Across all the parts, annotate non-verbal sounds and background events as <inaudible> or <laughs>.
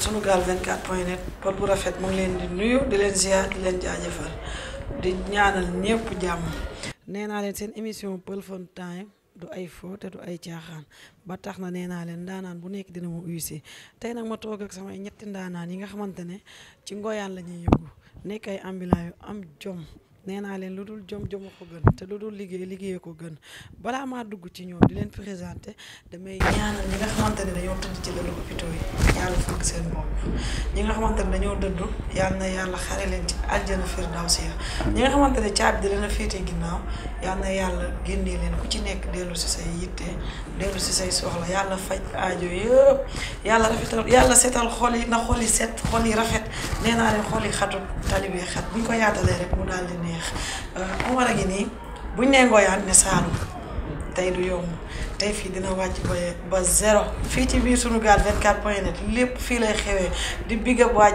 Sunugal 24 point net pot bu rafet mu leen di nuyu di leen ziar di leen jaajëfal di ñaanal ñëpp jàmm nee naa leen seen émission Peulfun Time du ay fo du ay caaxaan ba tax na nee naa leen ndaanaan bu nekk dina ma uyu tey nag ma toog ak samay ñetti ndaanaan yi nga xamante ne ci ngoyaan la ñuy yëngu nekk ay ambulant am jom nee naa leen lu dul jom jom ko gën te lu dul liggéey liggéey ko gën balaa maa dugg ci ñoom di leen présenté damay ñaanal ñi nga xamante ne dañoo tëdd ci lalu hôpitaux yi yàlla fukk ñi nga xamante ne dañoo dëdd yàlla na yàlla xare leen ci aljana firdawsi ñi nga xamante ne caabi dina féete ginnaaw yàlla na yàlla génnee leen ku ci nekk dellu si say yitte dellu si say soxla yàlla faj aajo yëpp yàlla rafetal yàlla setal xol yi na xol yi set xol yi rafet nee naa leen xol yi xatut tali xat bu ñu ko yaatalee rek mu daal di neex euh, Omar a ngi nii buñ nee Ngoyaan ne Saalum tey du yomb tey fii dina wàcc ba ba zéro fii ci biir Sunugal 24 point net lépp fii lay xewee di big up waa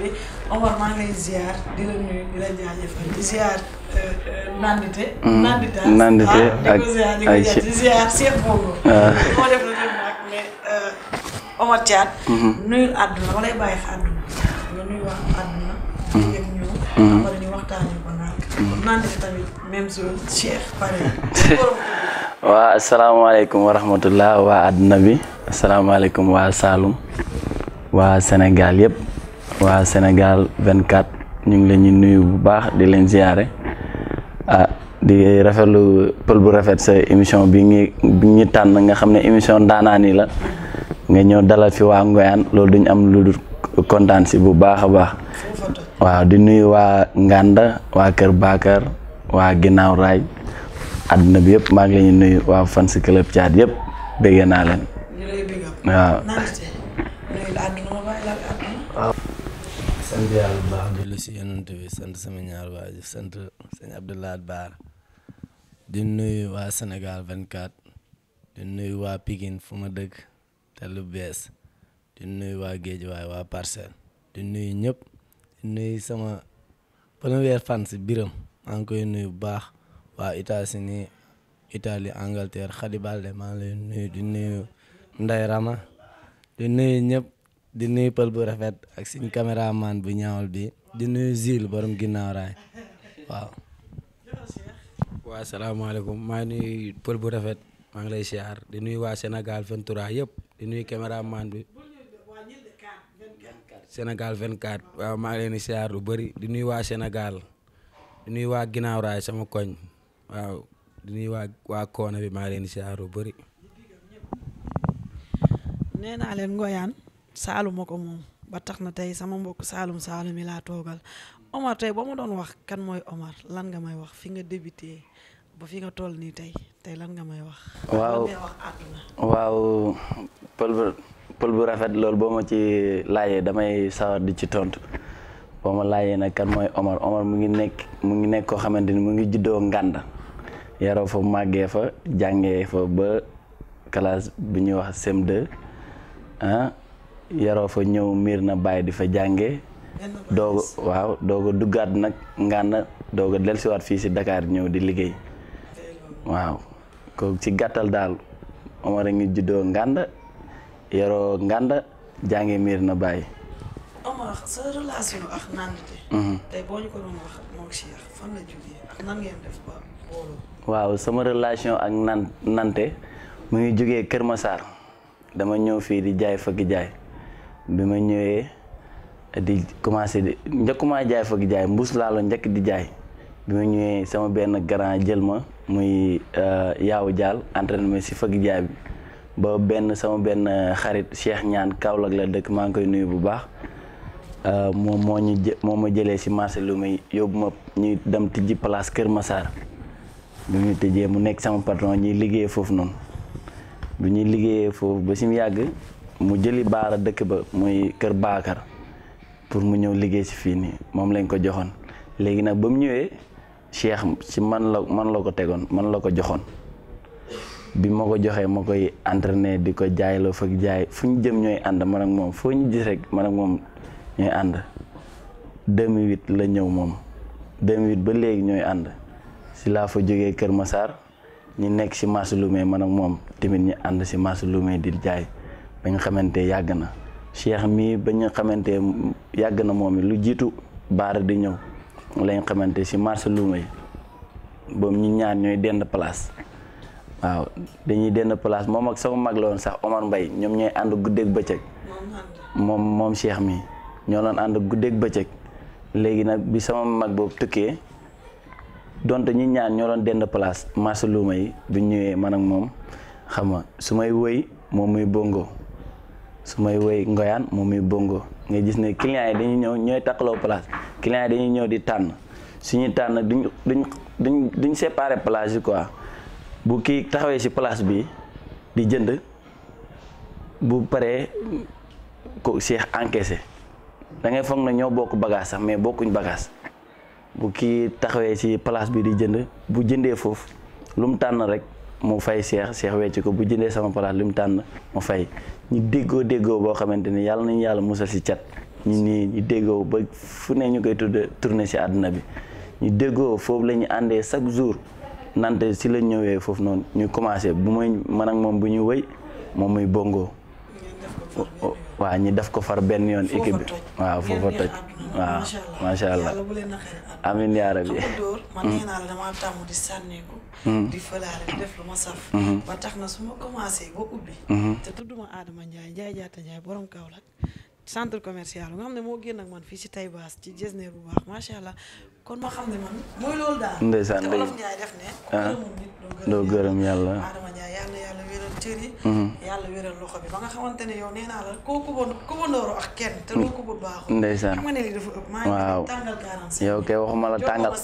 bi Omar maa ngi lay ziar di la nuyu di la jaajëfal di ziar euh, euh, nandite moo mm, ah, ah. def la dem nag mais Omar Thiat mm-hmm. nuyul àdduna ma bàyyi àdduna nga nuyu wax àdduna Mm-hmm. waa mm-hmm. <laughs> asalaamaaleykum wa rahmatullah waa àddina bi asalaamaaleykum waa Saloum waa Sénégal yëpp waa Sénégal 24 ñu ngi leen ñu nuyu bu baax di leen ziare ah di rafetlu pël bu rafet sa émission bi ngi ñu tànn nga xam ne émission ndaanaan yi la nga ñëw dalal fi waa Ngoyane loolu duñ am lu dul kontaan si bu baax a baax. waaw di nuyu waa Nganda waa Kër Bakar waa Ginnaaw Raay àdduna bi yëpp maa ngi leen nuyu waa fan si club Thiat yëpp béggee naa leen. waaw. di lu si yonent bi sant sama ñaar waajur sant sëñ di nuyu waa Sénégal 24 di nuyu waa Pikine fu ma dëkk te lu bees di nuyu waa Géejawaay waa Parcelles di nuy ñëpp. nuyu sama première fan si biram maa ngi koy nuyu bu baax waa États-Unis Italie Angleterre Khady Balde maa ngi lay nuyu di nuyu Ndeye Rama di nuyu ñëpp di nuyu pël bu rafet ak suñ caméraman bu ñaawal bi di nuyu Zil borom ginnaaw raay waaw. waaw salaamaaleykum maa ngi pël bu rafet maa ngi lay siyaar di nuyu waa Sénégal 23 yëpp di nuyu caméraman bi. Sénégal 24 waaw maa leen siyaar lu bari di nuyu waa Sénégal di waa ginnaaw sama koñ waaw di nuyu waa waa koona bi maa ngi leen siyaar lu bëri. nee leen ngoyaan saalum ma ko moom ba tax na tey sama mbokk saalum saalum yi laa toogal Omar tey ba mu doon wax kan mooy Omar lan nga may wax fi nga débuté ba fi nga toll nii tey tey lan nga may wax. waaw waaw pël pël bu rafet lool boo ma ci laajee damay sawar di ci tontu boo ma laajee nag kan mooy Omar Omar mu ngi nekk mu ngi nekk koo xamante ni mu ngi juddoo ngànd yaroo fa màggee fa jàngee fa ba classe bi ñuy wax CM2 ah, yaroo fa ñëw miir na bàyyi di fa jàngee dooga waaw dooga duggaat nag ngànd dooga dellusiwaat fii si Dakar ñëw di liggéey waaw ko ci gàttal daal Omar a ngi juddoo ngànd yaroo Nganda jàngee miir na bàyyi. Omar mhm. waaw sama relation ak nan Nante mu ngi jógee Kër Massar dama ñëw fii di jaay fëgg jaay bi ma ñëwee di commencé di njëkkumaa jaay fëgg jaay mbuus laa njëkk di jaay bi ma ñëwee sama benn grand jël ma muy euh, yaawu jaal entraînement si fëgg jaay bi. ba benn sama benn xarit Cheikh Ñaan Kaolack la dëkk maa ngi koy nuyu bu baax euh, moom moo ñu moo ma jëlee si marché lu may yóbbu ma ñuy dem tijji place Kër Massar bu ñu tijjee mu nekk sama patron ñuy liggéey foofu noonu bu ñuy liggéeyee foofu ba si mu yàgg mu jëli baara dëkk ba muy Kër Baakar pour mu ñëw liggéey si fii nii moom lañ ko joxoon léegi nag ba mu ñëwee Cheikh si man la man la ko tegoon man la ko joxoon. bi ma ko joxee ma koy entraîné di ko jaayloo fag jaay fu ñu jëm ñooy ànd man ak moom foo ñu gis rek man ak moom ñooy ànd 2008 la ñëw moom 2008 ba léegi ñooy ànd si laa jógee Kër Massar ñu nekk si marché Loumé man ak moom tamit ñu ànd si marché Loumé di jaay ba nga xamante yàgg na Cheikh mii ba ñu xamante yàgg na moom lu jiitu baara di ñëw lañ xamante si marché Loumé boobu ñu ñaar ñooy dend place waaw dañuy denn place moom ak sama mag la woon sax Omar mbay ñoom ñooy ànd guddeeg bëccëg moom moom Cheikh mi ñoo doon ànd guddeeg bëccëg léegi nag bi sama mag boobu tukkee donte ñu ñaan ñoo doon dend place marché luuma yi bu ñu ñëwee man ak moom xam nga su may wëy moom muy bongo su may wëy ngoyaan moom muy bongo nga gis ne clients yi dañuy ñëw ñooy takkaloo place clients yi dañuy ñëw di tànn suñuy tànn duñ duñ duñ duñ séparé place yi quoi bu kii taxawee ci place bi di jënd bu paree ko seex encaissé da ngay foog na ñoo bokk bagage sax mais bokkuñ bagage bu ki taxawee ci place bi di jënd bu jëndee foofu lu mu tànn rek mu fay seex seex wecc ko bu jëndee sama place lu mu tànn mu fay ñu déggoo déggoo boo xamante ni yàlla nañu yàlla musal ci cat ñu nii ñu déggoo ba fu ne ñu koy tudd tourné ci àdduna bi ñu déggoo foofu la àndee chaque jour nante si la ñëwee foofu noonu ñu commencé bu may man ak moom bu ñu wëy moom muy bongo waaw ñi def ko far benn yoon équipe bi waaw foofa toj waaw macha allah amin yaa rabbi mm. di mm. fëlaale di def mm-hmm. ba tax na su ma commencé ba ubbi. Mm-hmm. te tudduma Adama Ndiaye Ndiaye jaata Ndiaye borom Kaolack centre commercial nga xam ne moo génn ak man fii si Taïbaas ci Jesner bu baax macha allah kon ma xam ne man mooy loolu daal. ndeysaan ah. doo gërëm yàlla Adama Ndiaye yàlla yàlla mm-hmm. loxo bi ba nga xamante ne yow la koo kuboon kubandooro ak kenn te loo kubul baaxul. ndeysaan yow kay waxuma la tàngal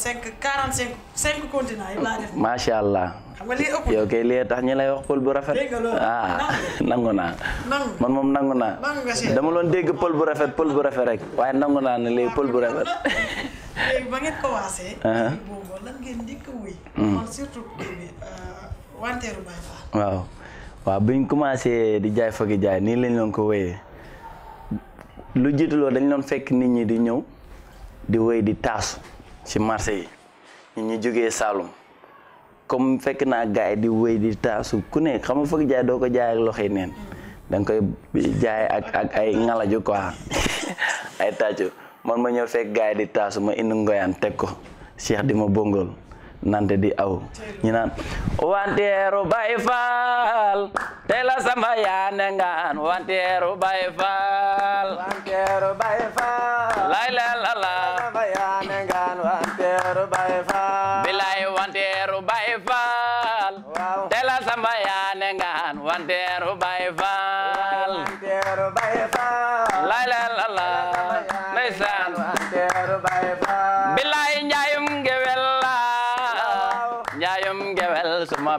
jox allah. xam nga kay lii tax ñu lay wax pël bu rafet ah nangu naa man moom nangu naa dama loon dégg pël bu rafet pël bu rafet rek waaye nangu naa ne léegi pël bu rafet léegi ba ngeen commencé <laughs> uh-huh. boobu hmm. euh, waaw waaw biñ commencé di jaay fagi jaay nii lañ loon ko wéyee lu jiitu loolu dañ doon fekk nit ñi di ñëw di wéy di taasu ci marché yi ñu ñu jógee Saalum comme fekk naa gars yi di wéy di taasu ku ne xam jaay doo ko jaay ak neen da koy jaay ay ngalaju quoi <laughs> ay tàccu man ma ñëw fekk gars di taasu ma indi ngoyaan teg ko Cheikh di ma bongool nante di aw ñu naan wanteeru bay faal tey la samba ngaan wanteeru bay faal wanteeru faal lay ndeysaan billaay njaayum gewel la njaayum gewel suma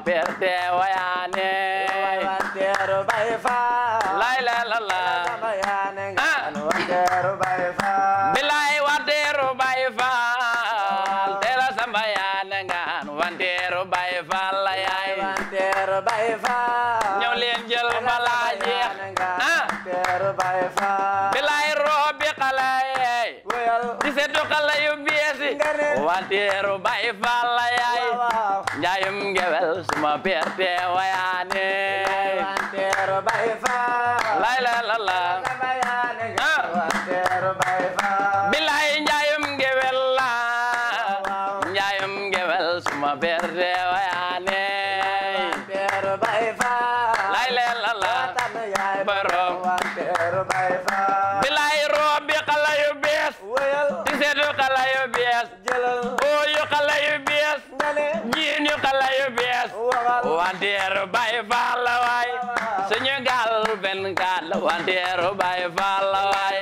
wanteeru bay falla yaay njaayum gewel suma perte wayaane wanteeru bay faal la waay Sénégal benn kaat la wanteeru bay faal la waay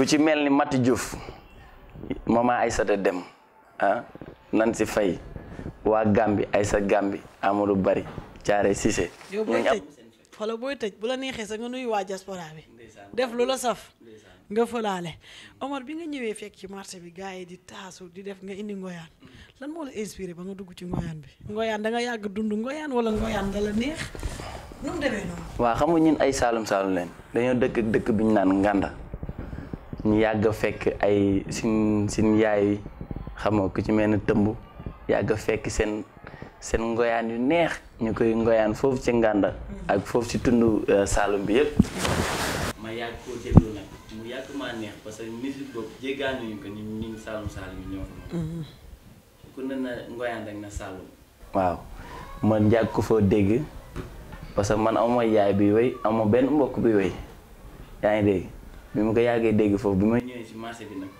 ku ci mel ni Mati Diouf maman Aysata Dem ah nan si fay waa Gambi Aysa Gambi Amadou Bari Thiaré Cissé. yow booy tëj xoolal booy tëj bu la neexee sa nga nuy waa diaspora bi. def lu la saf. nga fëlaale Omar bi nga ñëwee fekk ci marché bi gars yi di taasu di def nga indi ngoyaan lan moo la inspiré ba nga dugg ci ngoyaan bi. ngoyaan da nga yàgg dund ngoyaan wala ngoyaan da la neex nu demee noonu. waaw xam ñun ay Saalum Saalum leen dañoo dëkk dëkk bi ñu naan Nganda. ñu yàgg a fekk ay sin sin yaay xam nga ku ci mel ne tëmb yàgg a fekk seen seen ngoyaan yu neex ñu koy ngoyaan foofu ci Nganda ak foofu ci tund euh, Saalum bi yëpp ma yàgg koo déglu nag mu yàgg ko mm-hmm. na ngoyaan rek na Saalum foo dégg parce que man amuma yaay bi woy amuma benn mbokk bi woy yaa dégg bi ma ko yàggee dégg foofu bi ma ñëwee ci marché bi nag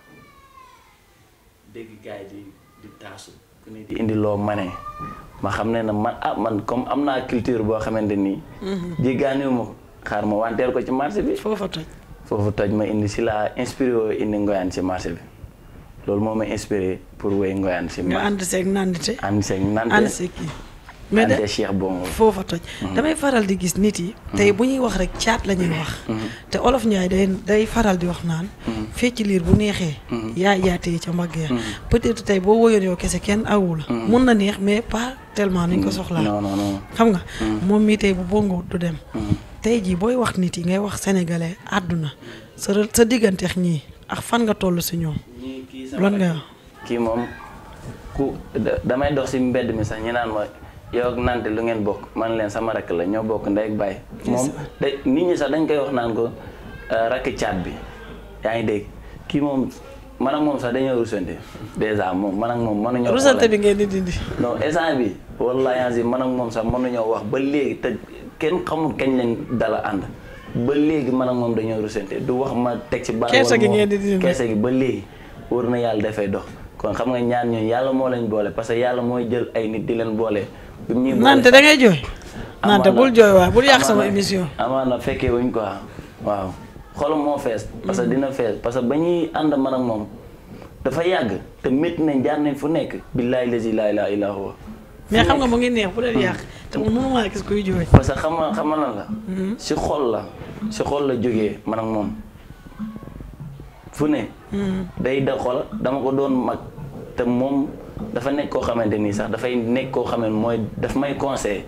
dégg gars yi di di taasu ku ne indi loo manee ma xam ne na man ah man comme am naa culture boo xamante nii mhm. jéggaaniwu ma xaar ma wanteer ko ci marché bi foofu toj foofu toj ma indi si laa inspiré woo indi ngoyaan si marché bi loolu moom ma inspiré pour woy ngoyaan si marché bi ànd seeg nandite ànd seeg nandite mais de foofa toj mhm. damay faral di gis nit yi mhm. tey bu ñuy wax rek caat la ñuy wax mhm. te olof Njaay day day faral di wax naan fecc liir bu neexee yaa yaatee ca mbagg ya peut-être tey boo woyoon yow kese kenn awu la mun na neex mais pas tellement nuñ ko soxlaa xam nga moom mii tey bu bongo du dem tey jii booy wax nit yi ngay wax sénégalais àdduna sa sa digganteex ñii ak fan nga toll si ñoom lan nga kii moom ku damay dox si mbedd mi sax ñu naan ma yow ak Nante lu ngeen bokk man leen sama rakk la ñoo bokk ndey ak baay. moom de nit ñi sax dañ koy wax naan ko euh, rakk caat bi yaa ngi dégg kii moom man ak moom sax dañoo rusante dèjà moom man ak moom mënuñoo. rusante bi ngeen di dindi. non esan bi wallaahi man ak moom sax mënuñoo wax ba léegi te kenn xamul kañ lañ dala ànd ba léegi man ak moom dañoo rusante du wax ma teg ci. ban wala moom kersa gi ngeen gi ba léegi wër na yàlla dafay dox. kon xam nga ñaan ñooñu yàlla moo lañ boole parce que yàlla mooy jël ay nit di leen boole. bi ñuy boole nante da ngay jooy. nante bul jooy waaw bul yàq sama émission. na fekkee ko quoi waaw xolam moo fees. parce que mm-hmm. dina fees parce que ba ñuy ànd man ak moom dafa yàgg te métti nañ jaar nañ fu nekk. billaay lazi laa ilaaha illaa mais xam nga mu ngi neex bu leen mm. yàq te mu mënuma gis kuy jooy. parce que xam nga xam nga la. Mm-hmm. si xol la si xol la jógee man ak moom. fu ne. day da xool dama ko doon mag te moom dafa nekk koo xamante nii sax dafay nekk koo xamante mooy daf may conseil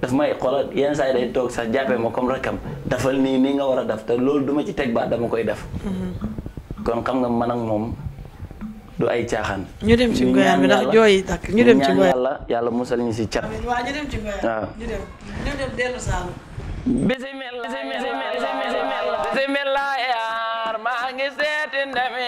daf may xoolal yenn saa yi day toog sax jàppee ma comme rakkam dafal nii nii nga war a def te loolu duma ci teg ba dama koy def. kon xam nga man ak moom du ay caaxaan. ñu dem ci ngoyaan bi ndax jooy takk ñu dem ci ngoyaan yàlla yàlla musal ñu ñu dem ci ngoyaan ngi seeti ndami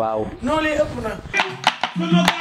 waaw. noonu lay ëpp na.